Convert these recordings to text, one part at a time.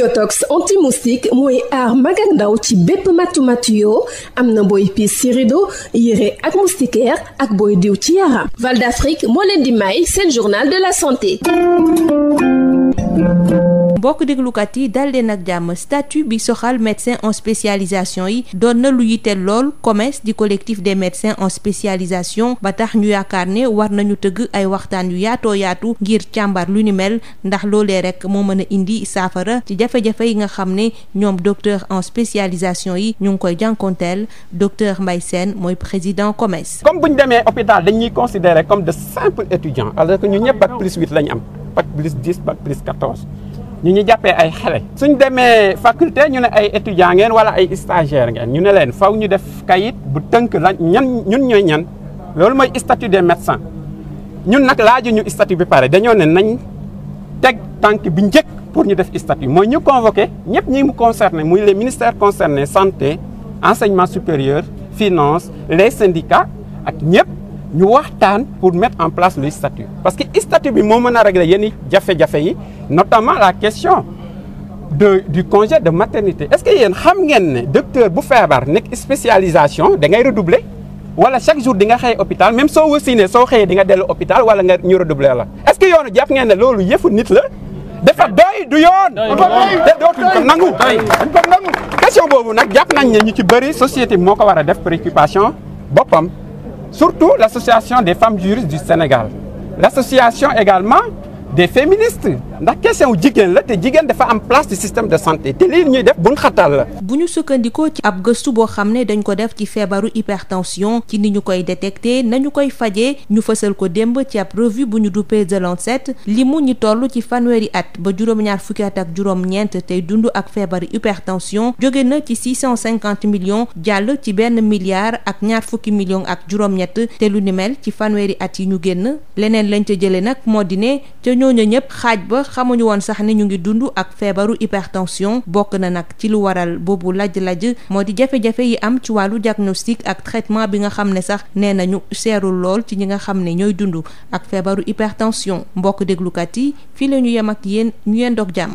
biotox anti-moustique mooy aar mag ci bépp matu-matu yoo am na booy piis ci rido yére ak moustiquaire ak booy diw ci yaram Val d'Afrique moo leen di may seen journal de la santé mbokk déglukat yi dal leen ak jàmm statut bi soxal médecin en spécialisation yi doon na lu yitteel lool COMES di collectif des médecins en spécialisation ba tax ñu yaakaar ne war nañu tëgg ay waxtaan yu yaatoo yaatu ngir càmbar lu ni mel ndax loolee rek moo mën a indi saafara ci jafe-jafe yi nga xam ne ñoom docteur en spécialisation yi ñu ngi koy jànkonteel docteur Mbaye Sène mooy président COMES. comme bu ñu demee hôpital dañuy considérer comme de simples étudiants alors que ñu ñëpp bac la ñu am bac plus ñu ñu jàppee ay xale suñ demee faculté ñu ne ay étudiant ngeen wala ay stagiaire ngeen ñu ne leen faw ñu def kayit bu tënk la ñan ñun ñooy ñan loolu mooy statut des médecins ñun nag laaju ñu statut bi pare dañoo ne nañ teg tànk bi njëkk pour ñu def statut mooy ñu convoqué ñëpp ñi mu concerné muy les ministères concernés santé enseignement supérieur finance les syndicats ak ñëpp ñu waxtaan pour mettre en place le statut parce que statut bi moo mën a régler yenn jafe-jafe yi notamment la question de du congé de maternité est-ce que yéen xam ngeen ne docteur bu feebar nekk spécialisation da ngay redoubler wala chaque jour di nga xëy hôpital même soo wasinee soo xëyee di nga dellu hôpital wala nga ñu redoubler la est que yoonu jàpp ngeen ne loolu yëfu nit la dafa doy du yoon te dootuñ ko nangu duñ question boobu nag jàpp nañ ne ñu ci bëri société moo ko war a def préoccupation boppam surtout l'association des femmes juristes du Sénégal, l'association également des féministes ndax question jigéen la te jigéen dafa am place ci système de santé te lii ñuy def buñ xatal la. bu ñu sukkandikoo ci ab gëstu boo xam ne dañ ko def ci feebaru hypertension ci ni ñu koy détecté nañu koy fajee ñu fësal ko démb ci ab revue bu ñu duppee The Lancet li mu ñu toll ci fanweeri at ba juróom-ñaar ak juróom tey dund ak feebaru hypertension jóge na ci six cent cinquante millions jàll ci benn milliard ak ñaar fukki millions ak juróom-ñett te lu ni ci fanweeri at yi ñu génn leneen lañ ca jëlee nag moo di ne ca ñooñu ñëpp xaaj ba. xamuñu woon sax ni ñu ngi dund ak feebaru hypertension bokk na nag ci lu waral boobu laj-laj moo di jafe-jafe yi am ci wàllu diagnostic ak traitement bi nga xam ne sax nee nañu seerul lool ci ñi nga xam ne ñooy dund ak feebaru hypertension mbokk déglukat yi fii la ñu yem ak yéen ñu yendoog jàmm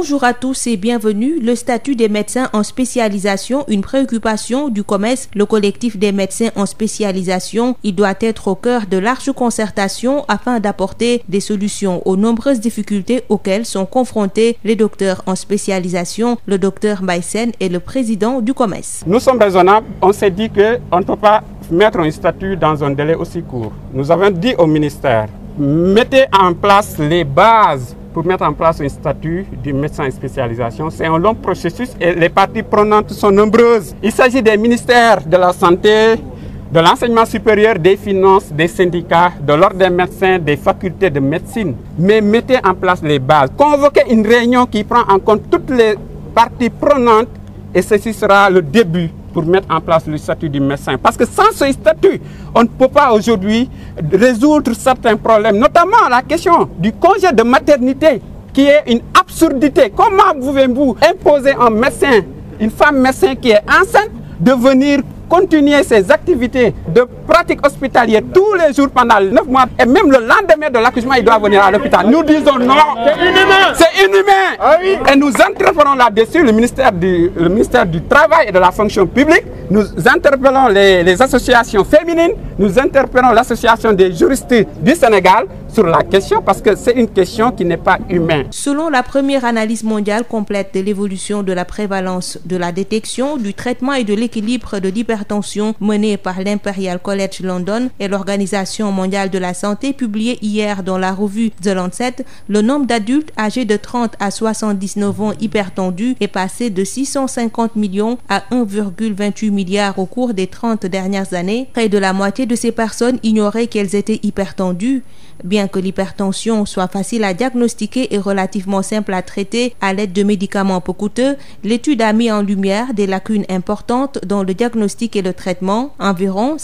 Bonjour à tous et bienvenue. Le statut des médecins en spécialisation, une préoccupation du commerce. Le collectif des médecins en spécialisation, il doit être au cœur de large concertation afin d'apporter des solutions aux nombreuses difficultés auxquelles sont confrontés les docteurs en spécialisation. Le docteur Maïsen et le président du commerce. Nous sommes raisonnables. On s'est dit qu'on ne peut pas mettre un statut dans un délai aussi court. Nous avons dit au ministère, pour mettre en place un statut du médecin en spécialisation. C'est un long processus et les parties prenantes sont nombreuses. Il s'agit des ministères de la Santé, de l'enseignement supérieur, des finances, des syndicats, de l'ordre des médecins, des facultés de médecine. Mais mettez en place les bases. Convoquez une réunion qui prend en compte toutes les parties prenantes et ceci sera le début pour mettre en place le statut du médecin. Parce que sans ce statut, on ne peut pas aujourd'hui résoudre certains problèmes, notamment la question du congé de maternité, qui est une absurdité. Comment pouvez-vous imposer un médecin, une femme médecin qui est enceinte, de venir continuer ses activités de pratique hospitalière tous les jours pendant 9 mois et même le lendemain de l'accouchement, il doit venir à l'hôpital. Nous disons non. C'est inhumain. C'est inhumain. Ah oui. Et nous interpellons là-dessus le ministère, du, le ministère du Travail et de la fonction publique. Nous interpellons les, associations féminines. Nous interpellons l'association des juristes du Sénégal sur la parce que c'est une question qui n'est pas humaine. Selon la première analyse mondiale complète de l'évolution de la prévalence de la détection, du traitement et de l'équilibre de l'hypertension menée par l'Imperial College London et l'Organisation mondiale de la santé publiée hier dans la revue The Lancet, le nombre d'adultes âgés de à ans hypertendus est passé de millions à 1,28 au cours des 30 dernières années. Près de la moitié de ces bien que l'hypertension soit facile à diagnostiquer et relativement simple à traiter à l'aide de médicaments peu coûteux, l'étude a mis en lumière des lacunes importantes dans le diagnostic et le traitement. Environ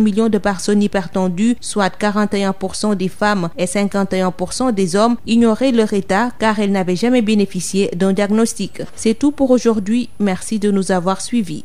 millions de personnes hypertendues, soit 41% des femmes et 51% des hommes, ignoraient leur état car elles n'avaient jamais bénéficié d'un diagnostic. C'est tout pour aujourd'hui. Merci de nous avoir suivis.